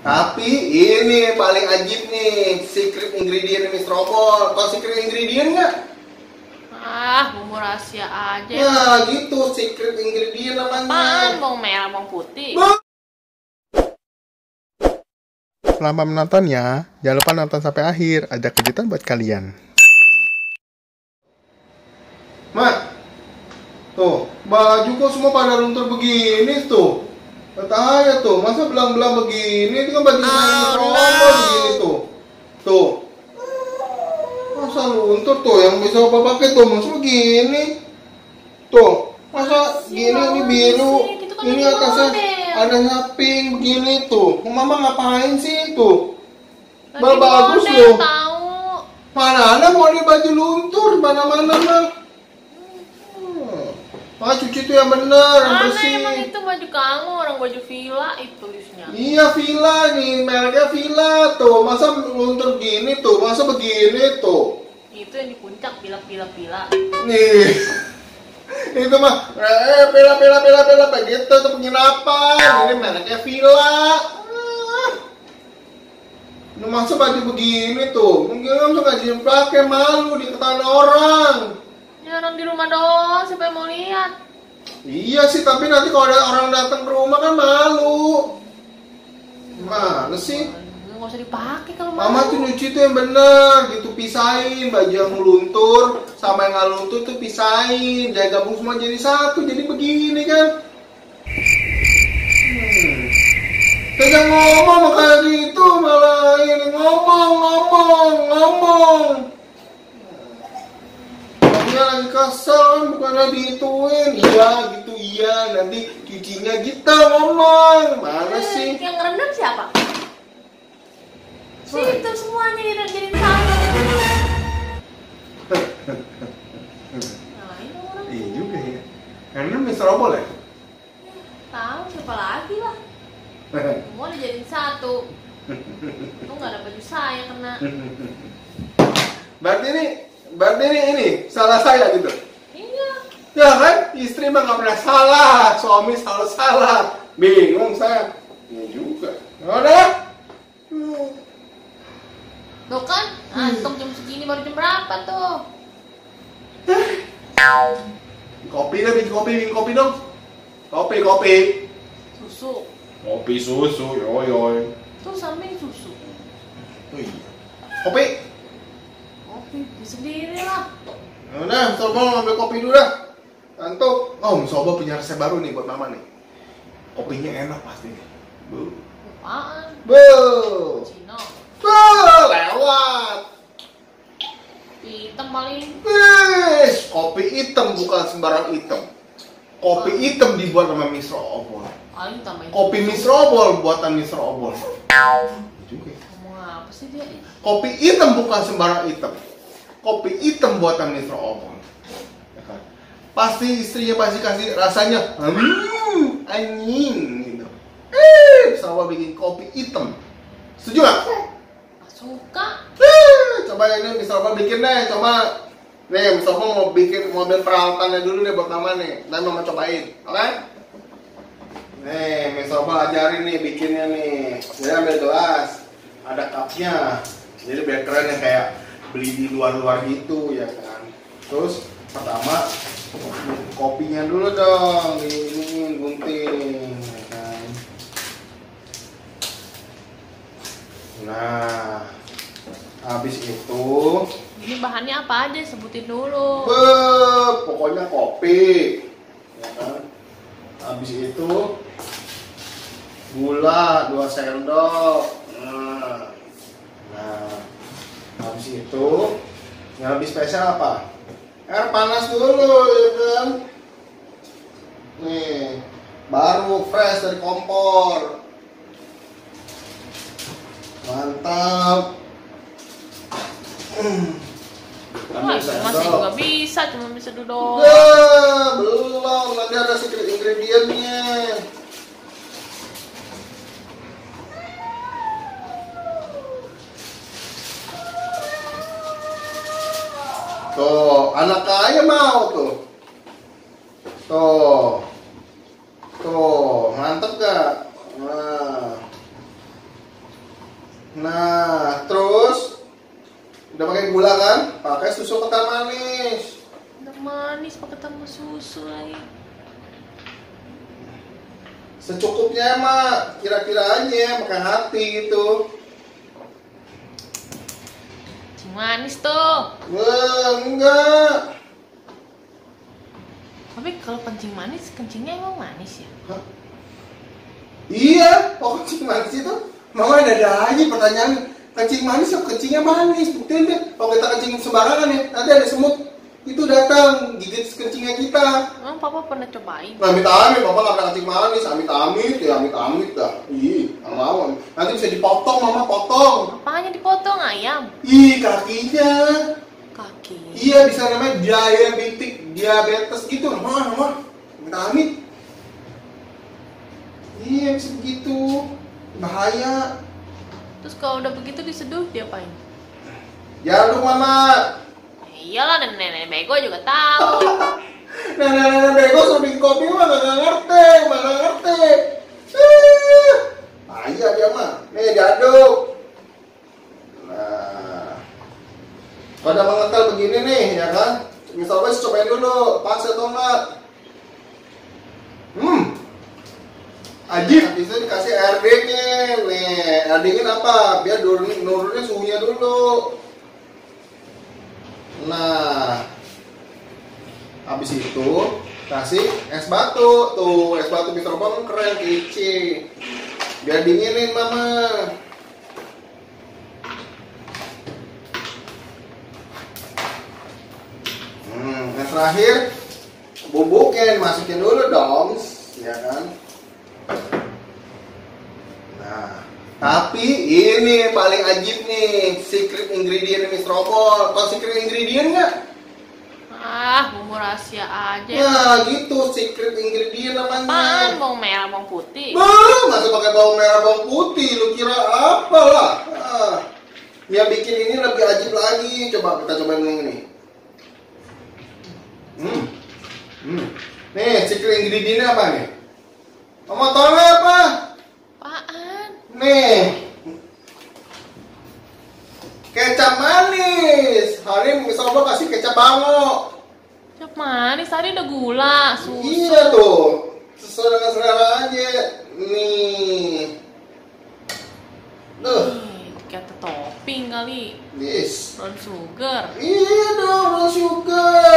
Tapi ini paling ajib nih, secret ingredient Miss Opol. Tahu secret ingredient nggak? Ah, bumbu rahasia aja. Ya, gitu. Secret ingredient namanya. Apaan? Bawang merah, bawang putih. Bang. Selama menonton ya. jangan lupa nonton sampai akhir. Ada kejutan buat kalian. Mak, tuh, baju kok semua pada runtur begini tuh. Betahaya tuh, masa belang-belang begini itu kan baju saya oh, begini tuh. Tuh. Masa luntur tuh yang bisa Bapak pakai tuh masa begini. Tuh, masa gini ini biru, gitu kan ini atasnya ada nyaping begini tuh. Mama ngapain sih itu? Baru bagus loh. Mana ada model baju luntur mana-mana mah. Hmm. cuci tuh yang bener, yang bersih baju kamu orang baju villa itu tulisnya iya villa nih mereknya villa tuh masa luntur gini tuh masa begini tuh itu yang di puncak villa villa villa nih itu mah eh pila pila pila pila begitu tuh penginapan ini mereknya villa Lu masa baju begini tuh, mungkin langsung gak izin pakai malu di orang. Ya orang di rumah doang, siapa yang mau lihat? Iya sih, tapi nanti kalau ada orang datang ke rumah kan malu. Mana sih? Nggak usah dipakai kalau malu. Mama tuh nyuci tuh yang bener, gitu pisahin baju yang luntur sama yang nggak luntur tuh pisahin, Jadi gabung semua jadi satu, jadi begini kan? Kita hmm. Tidak ngomong kayak gitu malah ini ngomong ngomong ngomong dia lagi bukan bukannya ituin iya gitu iya nanti cucinya kita gitu, ngomong mana eh, sih yang rendam siapa sih itu semuanya direndam sama nah, iya juga ya karena Mister Obol ya tahu siapa lagi lah semua dijadiin satu Untung gak ada baju saya kena Berarti ini berarti ini, ini salah saya gitu iya ya kan istri mah gak pernah salah suami selalu salah bingung saya ini iya juga ya udah Tuh kan, antum jam segini baru jam berapa tuh? Kopi deh, bikin kopi, bikin kopi dong. Kopi, kopi. Susu. Kopi susu, yoi yoi. Tuh sampe susu. iya Kopi sendiri lah. Nah, sobo ngambil kopi dulu dah. Tentu. oh, sobo punya resep baru nih buat mama nih. Kopinya enak pasti Bu. Apaan? Bu. Cino. Bu, lewat. Kopi hitam paling. Wih, kopi hitam bukan sembarang hitam. Kopi hitam dibuat sama Misro Obol. Kopi Misro Obol buatan Misro Obol. Kopi hitam bukan sembarang hitam kopi hitam buatan Mr. Omon ya kan? pasti istrinya pasti kasih rasanya hmm, anjing gitu eh sawah bikin kopi hitam setuju gak? suka eh, coba ini Mr. Omon bikin deh coba nih Mr. Omon mau bikin mobil peralatannya dulu deh buat nama nih nanti mama cobain oke okay? Nih, Mr. Omon ajarin nih bikinnya nih. saya ambil gelas, ada cupnya jadi biar keren ya kayak beli di luar-luar gitu ya kan terus pertama kopinya dulu dong diinin gunting ya kan nah habis itu ini bahannya apa aja sebutin dulu be, pokoknya kopi ya kan habis itu gula dua sendok yang lebih spesial apa air panas dulu ya kan nih baru fresh dari kompor mantap Masih, masih juga bisa, cuma bisa duduk. Udah, belum, nanti ada secret ingredientnya. Tuh, anak kaya mau tuh. Tuh. Tuh, mantep gak? Nah. Nah, terus udah pakai gula kan? Pakai susu kental manis. udah manis pakai tambah susu lagi. Secukupnya emak, kira-kira aja makan hati gitu. Manis tuh. Wah, enggak. Tapi kalau kencing manis, kencingnya emang manis ya? Hah? Iya, oh kencing manis itu. mama ada ada aja pertanyaan. Kencing manis kok kencingnya manis, buktiin deh. Kalau kita kencing sembarangan ya, nanti ada semut itu datang gigit kencingnya kita. Emang papa pernah cobain? amit amit, papa nggak pernah kencing manis, amit amit ya amit amit dah. Iya. Rawon. Nanti bisa dipotong, Mama potong. Apanya dipotong ayam? Ih, kakinya. Kaki. Iya, bisa namanya diabetik, diabetes gitu. Mama, Mama. Minta amit. Iya, bisa begitu. Bahaya. Terus kalau udah begitu diseduh dia diapain? Ya, lu, Mama. Iyalah, nenek-nenek bego juga tahu. nenek-nenek bego suruh bikin kopi mana gak ngerti, gak ngerti iya dia mah nih diaduk nah pada mengental begini nih ya kan misalnya cobain dulu pas atau hmm Ajib. Nah, habis itu dikasih air dingin. Nih, air dingin apa? Biar nurunin, nurunin suhunya dulu. Nah, habis itu kasih es batu. Tuh, es batu mikrofon keren, kici biar dinginin mama hmm, yang terakhir bubukin masukin dulu dong ya kan nah tapi ini paling ajib nih secret ingredient Miss Robol tau secret ingredient nggak Ah, bumbu rahasia aja. ya gitu secret ingredient namanya. Pan Bawang merah, bawang putih. Bah, masih pakai bawang merah, bawang putih. Lu kira apa lah? Nah, yang bikin ini lebih ajib lagi. Coba kita coba yang ini. Hmm. Hmm. Nih, secret ingredientnya apa nih? Kamu tahu apa? Apaan? Nih, kecap manis. Hari ini misalnya kasih kecap bango. Manis tadi udah gula, susu. Iya tuh. Sesuai dengan selera aja. Nih. Tuh. Kayak topping kali. Yes. Non sugar. Iya dong, non sugar.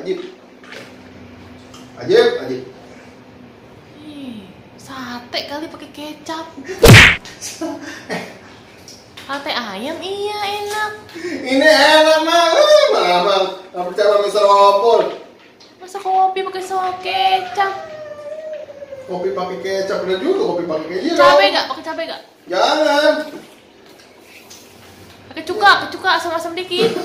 Ajib. Ajib, Ajib. Ih, sate kali pakai kecap. Eh. sate ayam iya enak. Ini enak mah, mama nggak percaya sama misal opor. Masa kopi pakai sama kecap? Kopi pakai kecap udah juga kopi pakai kecap. Cabe nggak? Pakai cabe nggak? Jangan. Pakai cuka, pakai cuka asam-asam dikit.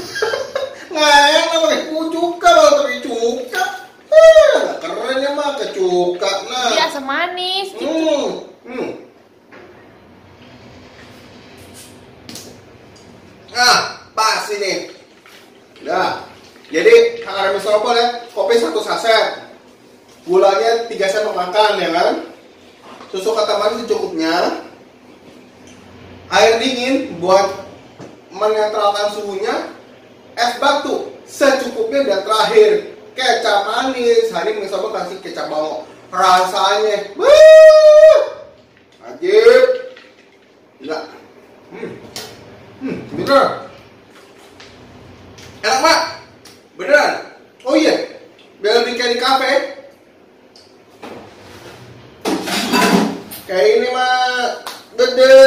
ngayang nama kayak cuka kalau tapi cuka. Eh, keren ya mah kecuka nah. Iya asam manis. Gitu. Hmm. Hmm. Nah, pas ini. Nah, jadi kang sobol ya, kopi satu saset, gulanya tiga sendok makan ya kan, susu kataman secukupnya, air dingin buat menetralkan suhunya, es batu secukupnya dan terakhir kecap manis hari ini mencoba kasih kecap bawang rasanya wuh, ajib enggak hmm. hmm bener enak pak beneran oh iya biar bikin di kafe kayak ini mah gede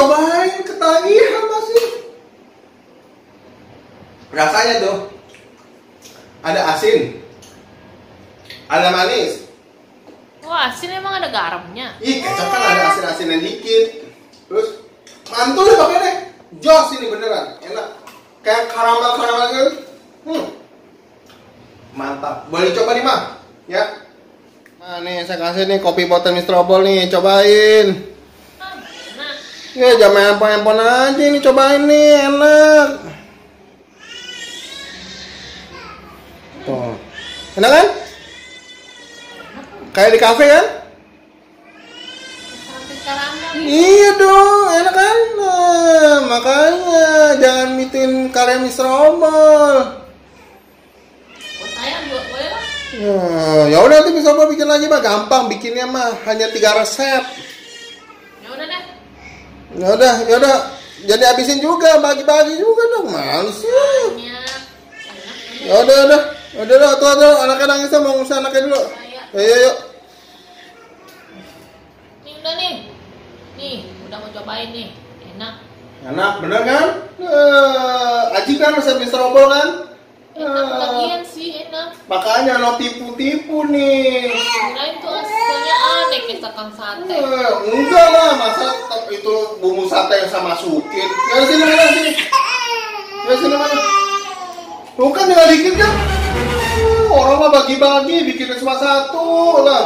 cobain ketagihan masih rasanya tuh ada asin ada manis wah oh, asin emang ada garamnya ih kecap kan ada asin asinnya dikit terus mantul deh pakai deh jos ini beneran enak kayak karamel karamel gitu hmm. mantap boleh coba nih mah ya nah nih saya kasih nih kopi poten mistrobol nih cobain Ya jangan handphone, handphone aja ini cobain nih enak. Tuh. Enak kan? Kayak di kafe kan? Iya dong, enak kan? Nah, makanya jangan mitin karya Mr. Omol. Nah, ya udah nanti bisa bikin lagi mah gampang bikinnya mah hanya tiga resep. Ya udah deh ya udah ya udah jadi habisin juga bagi-bagi juga dong males ya ya udah udah udah udah tuh tuh anaknya nangisnya mau ngusah anaknya dulu ayo ayo iya, yuk nih udah nih nih udah mau cobain nih enak enak bener kan uh, aji kan resep robo kan enak uh, bagian sih enak makanya no tipu-tipu nih kirain tuh pilih sate eh, enggak lah masa itu bumbu sate yang sama sukin ya sini mana sini ya sini mana bukan kan tinggal dikit kan uh, orang mah bagi-bagi bikinnya cuma satu lah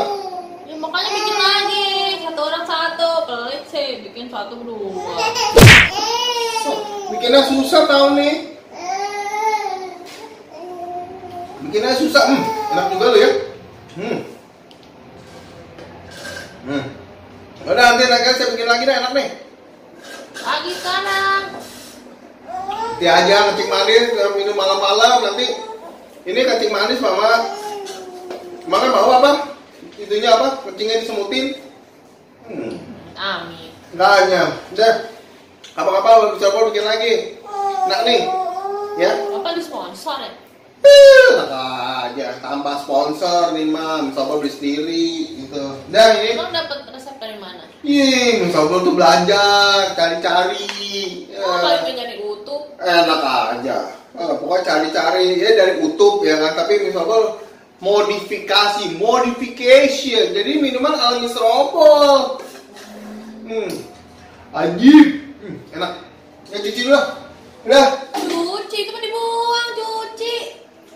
ya makanya bikin lagi satu orang satu pelit sih bikin satu berdua bikinnya susah tau nih bikinnya susah hmm, enak juga lo ya hmm. Udah nanti lagi, saya bikin lagi deh enak nih. Lagi sekarang. Dia aja kencing manis, minum malam-malam nanti. Ini kencing manis mama. Mama mau apa? Itunya apa? Kencingnya disemutin. Hmm. Amin. Enggak hanya. Udah. Apa-apa coba bikin lagi. Enak nih. Ya. Apa di sponsor ya? Eh, aja tambah sponsor nih mam coba beli sendiri gitu Dan ini emang dapat dari mana? Ih, sabel tuh belajar, cari-cari. Oh, paling eh. nyari Enak aja. Uh, pokoknya cari-cari ya dari utup ya kan tapi misalnya modifikasi modification jadi minuman alami serobol hmm aji. hmm, enak ya cuci dulu udah cuci itu kan dibuang cuci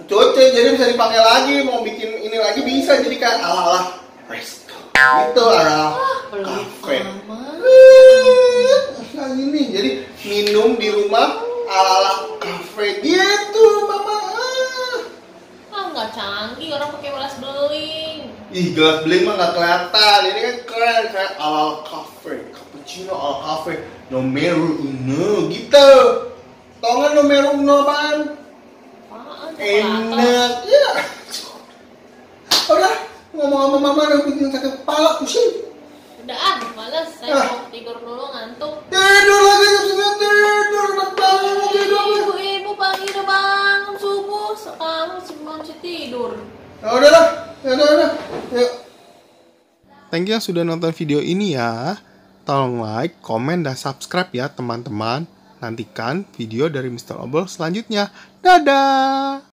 cuci jadi bisa dipakai lagi mau bikin ini lagi bisa jadi kan, ala ala rest itu iya. adalah oh, kafe. Nah ini jadi minum di rumah ala-ala kafe gitu mama. Ah nggak canggih orang pakai gelas beling. Ih gelas beling mah nggak kelihatan. Ini kan keren kayak ala-ala kafe, cappuccino ala kafe, nomer uno gitu. Tau nggak nomor uno apaan? Apaan? Enak ya. Udah ngomong sama mama udah bikin sakit kepala pusing udah ah males saya ah. mau tidur dulu ngantuk tidur lagi tidur tidur bangun tidur ibu ibu pagi udah bangun subuh sekarang sebelum tidur ya udahlah ya udah ya udah yuk ya. Thank you ya sudah nonton video ini ya. Tolong like, komen, dan subscribe ya teman-teman. Nantikan video dari Mr. Obol selanjutnya. Dadah!